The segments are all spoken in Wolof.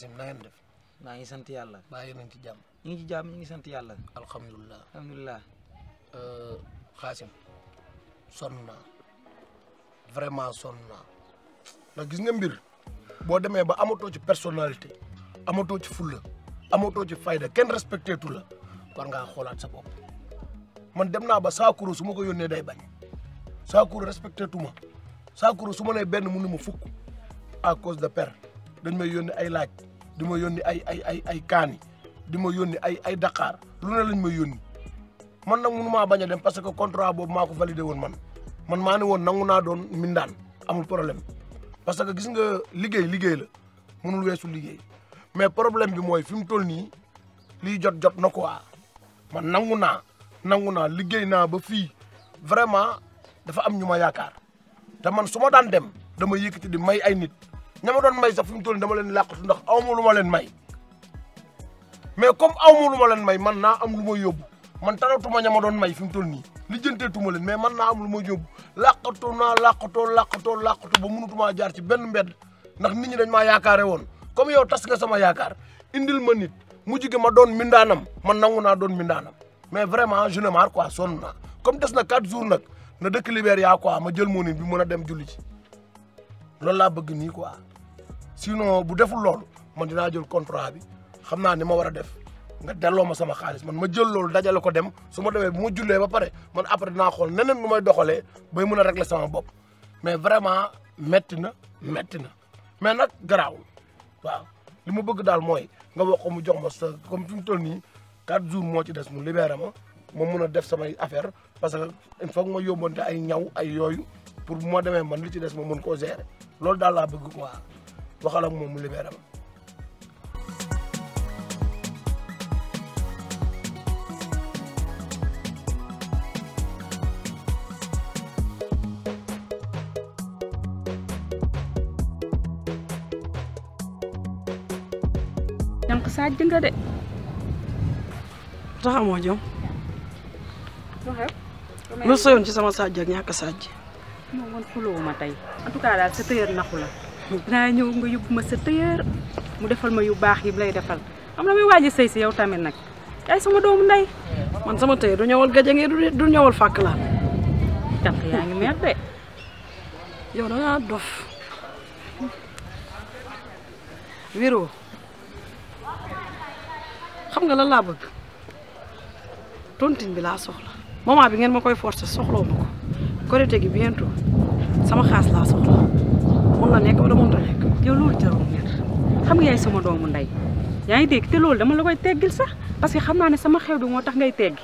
Xaasim na ngeen def. maa ngi sant yalla jam ini ci jàmm. Alhamdulillah. ngi ci jàmm ñu ngi sant yalla alhamdullah alhamdullah euh sonn sonna vraiment sonna la gis nga mbir bo démé ba amatoo ci personnalité amatoo ci fulla amatoo ci fayda ken respecté tu la war nga xoolaat sa bop man dem na ba sakuru suma ko yónnee day bañ sakuru respecté tu ma sakuru suma ma ben benn mu ne ma fukk à cause de père dañ may yónnee ay laaj. di ma yónni ay ay ay ay kaani di ma yónni ay ay Dakar lu ne lañ ma yónni man nag mënu maa bañ a dem parce que contrat boobu maa ko validé woon man man maa ne woon nangu naa doon mindaan amul problème parce que gis nga liggéey liggéey la mënul weesu liggéey mais problème bi mooy fi mu toll nii lii jot jot na ko waa man nangu naa nangu naa liggéey naa ba fii vraiment dafa am ñu ma yaakaar te man su ma daan dem dama yëkkati di may ay nit. ña ma doon may sax fi mu toll dama leen làqatu ndax aw ma lu ma leen may mais comme aw ma lu ma leen may man naa am lu ma yóbbu man taratuma ña ma doon may fi mu toll nii lijjanteetuma leen mais man naa am lu ma yóbbu làqatu naa làqatoo làqatoo làqatu ba mënutumaa jaar ci benn mbedd ndax ni ñi dañ maa yaakaare woon comme yow tas nga sama yaakaar indil ma nit mu jige ma doon mindaanam man nangu naa doon mindaanam mais vraiment je ne marre quoi sonn naa comme des na quatre jours nag na dëkk Libéria quoi ma jël moo bi mën a dem julli loolu laa bëgg nii quoi sinon bu deful loolu man dinaa jël contrat bi xam naa ni ma war a def nga delloo ma sama xaalis man ma jël loolu dajale ko dem su ma demee bu ma jullee ba pare man après dinaa xool neneen nu may doxalee bay mën a régler sama bopp mais vraiment metti na metti na mais nag garaawul waaw li ma bëgg daal mooy nga wax ko mu jox ma sa comme fi mu toll nii quatre jours moo ci des mu libéré ma ma mun a def samay affaire parce que il faut ma yóbbante ay ñaw ay yooyu pour bu ma demee man li ci des ma mun koo gérer loolu daal laa bëgg quoi. waxal ak mom mu libéré ma jank saaj nga de taxamoo jom lu soyoon ci sama saaj ak ñàkk saaj moo woon xuloo ma tey en tout cas daal sa tëyër naxu dinaa ñëw nga yóbbu ma sa tëyër mu defal ma yu baax yi lay defal am na muy waaj sëy si yow tamit nag yaay sama doomu ndey man sama tëyër du ñëwal gaje ngi du ñëwal fàkk la jant yaa ngi mer de yow da ngaa dof wéroo xam nga lan laa bëgg tontine bi laa soxla moment bi ngeen ma koy forcer soxloo ko korité gi bientôt sama xaas laa soxla la lekk wala moom la lekk loolu sama doomu ndey yaa ngi dégg te loolu dama la koy teggil sax parce que xam naa ne sama xew bi moo tax ngay teggi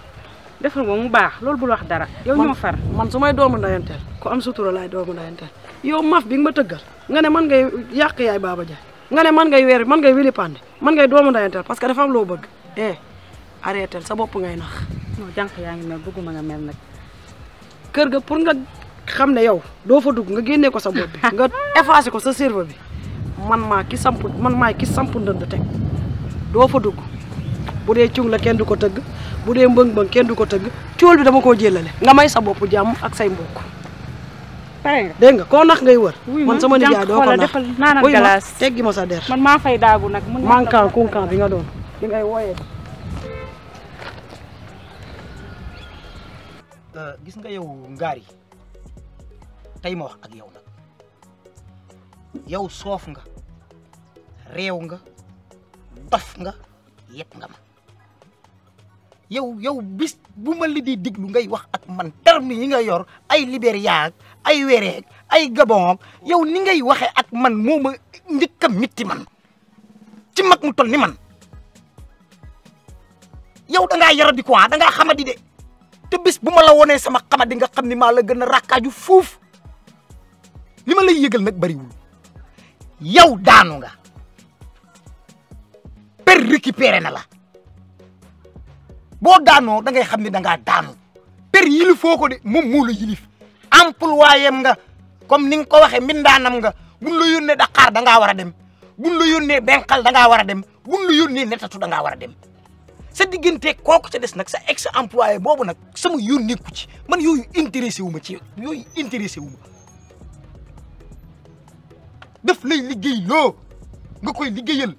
defal ba mu baax loolu bul wax dara yow ñoo far man su may doomu ndeyanteel ko am sutura laay doomu ndeyanteel yow maf bi nga ma tëggal nga ne man ngay yàq yaay baaba ja nga ne man ngay weer man ngay wili pande man ngay doomu ndeyanteel parce que dafa loo bëgg eh arrêtel sa bopp ngay nax non jànq yaa ngi mel bëgguma nga mel nag kër ga pour nga xam ne yow doo fa dugg nga génnee ko sa bopp bi nga effacé ko sa cerveau bi man maa ki samp man maay ki samp ndënd teg doo fa dugg bu dee cung la kenn du ko tëgg bu dee mbëng-mbëng kenn du ko tëgg cool bi dama koo jëlale nga may sa bopp jàmm ak mbokk pare nga nga koo nax ngay wër man sama nijaay doo ko nax wuy ma teggi ma sa der man maa fay daagu nag mankan kunkan bi nga doon bi ngay wooyee euh, gis nga yow ngaar tay ma wax ak yow nag yow soof nga réew nga dof nga yëpp nga ma yow yow bis bu ma li di diglu ngay wax ak man terme yi nga yor ay Libéria ay wereeg ay Gabon yow ni ngay waxe ak man moo ma njëkk man ci mag mu tol ni man yow da ngaa yaradi quoi da xamadi de te bis bu ma la wonee sama xamadi nga xam ni maa la gën a rakkaaju li ma lay yëgal nag bariwul yow daanu nga per récupéré na la boo daanoo da ngay xam ne da ngaa daanu per yilifoo ko de moom moo la yilif employéem nga comme ni nga ko waxee mbindaanam nga buñ la yónnee Dakar da ngaa war a dem buñ la yónnee Benqal da ngaa war a dem buñ la yónnee Netatu da ngaa war a dem sa diggante kooku ca des nag sa ex employé boobu nag sama yónneeku ci man yooyu intéressé wu ma ci yooyu intéressé wu daf lay liggéey loo nga koy liggéeyal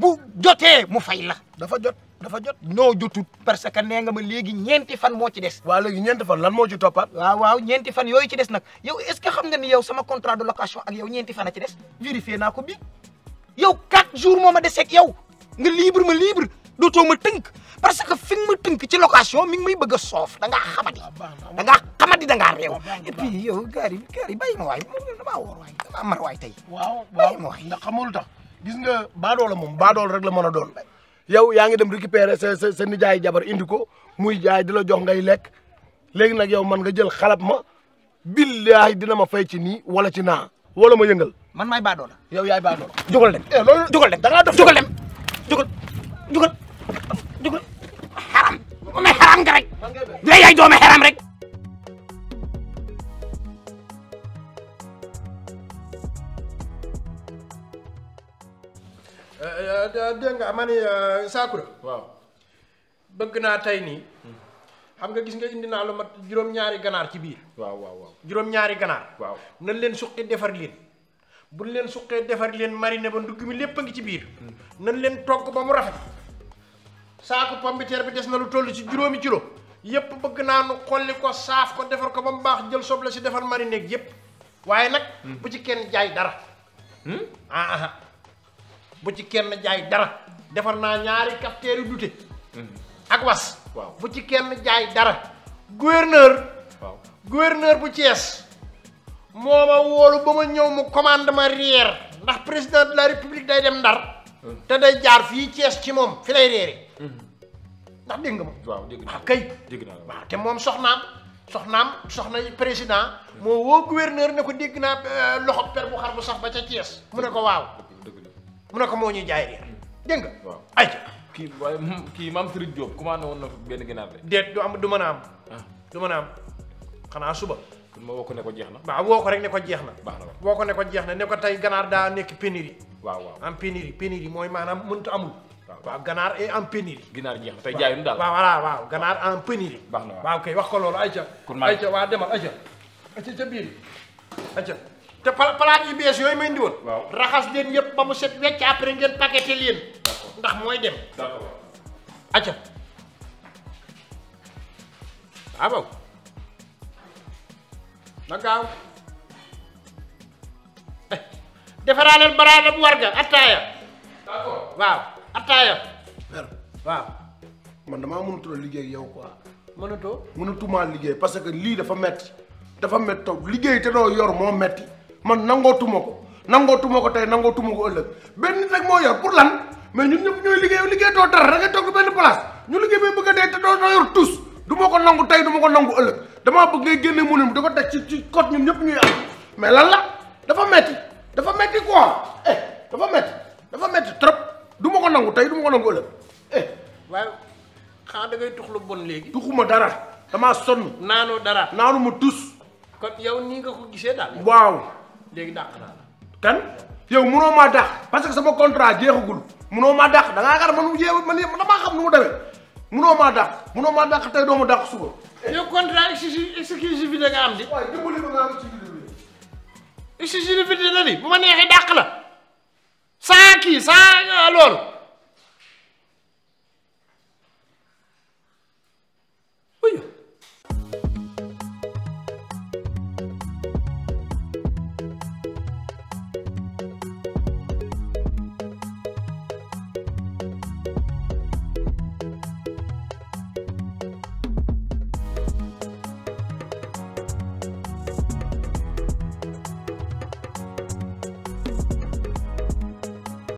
bu jotee mu fay la. dafa jot dafa jot. noo jotut parce que nee nga ma léegi ñeenti fan moo ci des. waaw léegi ñeenti fan lan moo ci toppaat. waaw waaw ñeenti yooyu ci des nag yow est-ce que xam nga ni yow sama contrat de location ak yow ñeenti fan a ci des vérifié naa ko bi yow quatre jour moo ma desee ak yow nga libre ma libre dootoo ma tënk parce que fi nga ma tënk ci location mi ngi may bëgg soof da ngaa xamati ah, da ngaa ma di dangaa réew et yow gaari gaari bàyyi waay damaa woor waay damaa mar waay tey waaw bàyyi ma waay ndax xamul tax gis nga baadoola moom baadool rek la mën a doon yow yaa ngi dem récupérer sa sa sa nijaay jabar indi ko muy jaay di la jox ngay lekk léegi nag yow man nga jël xalab ma billahi dina ma fay ci nii wala ci naa wala ma yëngal man maay baadoola yow yaay baadoola jógal dem eh, loolu jógal dem da ngaa dof dem jógal jógal jógal ma xaram nga rek lay yaay doome xaram rek Eh, eh, eh, ada ada nggak mana ya waaw bëgg naa tey nii. xam nga gis nga indi naa lu mat juróom-ñaari ganaar ci biir. waaw waaw waaw juróom-ñaari ganaar. waaw nañ leen suqi defar leen. bu leen suqee defar leen mariner ba ndugg mi lépp a ngi ci biir. nañ leen togg ba mu rafet. saaku pombiteer bi des na lu toll ci juróomi kilo. yépp anu xolli ko saaf ko defar ko jël soble defar bu ci kenn jaay dara. ah ah. ah bu ci kenn jaay dara defar naa ñaari capteeri duté mhm. ak was waaw bu ci kenn jaay dara gouverneur waaw gouverneur bu Thiès moo ma wóolu ba ma mu commande ma rier ndax président de la république day dem dar hmm. te day jaar fii Thiès ci moom fi lay réere hmm. ndax dégg nga ma waaw dégg na ah, kay dégg naa waaw te moom soxnaam soxnaam soxna président moo woo gouverneur ne ko dégg naa euh, loxo per bu xar bu sax ba ca Thiès mu ne ko waaw mu ne ko moo ñuy jaay reer dégg nga. waaw ayca. kii waaye kii maam Serigne Diop commandé woon na benn ginaar de. déet du am du mën a am. Ah. du mën xanaa suba. kun ma wokk ko ko jeex na. waaw woo ko rek ne ko jeex na. baax na ko ne ko jeex na ne ko tey ganaar daa nekk pénurie. waaw waaw am pénurie pénurie mooy maanaam ti amul. waaw ganaar et en pénurie. ginaar jeex na tey jaayuñu daal. waaw waaw ganaar en pénurie. baax na waaw kay wax ko loolu ay kon ayca waa demal ayca. ayca ca biir ayca. te plan yu bees yooyu may indi woon. waaw raxas leen yëpp ba mu set wecc après ngeen paqueté len ndax moy dem. d' accord acca. waaw. na gaaw. Eh, defaraa leen baraada warga ataya d' accord waaw attaaya. waaw. man damaa to liggéey yow quoi. mënatoo mënatumaa liggéey parce que li dafa metti dafa metti liggéey té do yor mo metti man nangotumako nangotumako tay nangotumako euleuk nangootuma ko ëllëg benn rek moo yor pour lan mais ñun ñep ñoy liggéey liggéey doo dara da ngay benn place ñu liggéey bay bëgg dé té do doo doo yor tous duma ko nangu tay duma ko nangu euleuk dama bëgg ngay génne mënum da ko teg ci ci côté ñun ñep ñuy am mais lan la dafa metti dafa metti quoi eh dafa metti dafa metti trop duma ko nangu tay duma ko nangu euleuk eh waaye xaa da ngay tux bon légui tuxuma dara dama sonn naanoo dara naanu ma tus kon yow nii nga ko gisee dal waaw léegi dàq naa la. kan yow munoo maa dàq parce que sama contrat jeexagul munoo maa dàq da ngaa xam man jéem man yëpp damaa xam nu mu demee munoo maa dàq munoo maa dàq tey doo ma dàq suba. yow contrat exclusivité nga am di. waaw dimbali ba nga am exclusivité. di la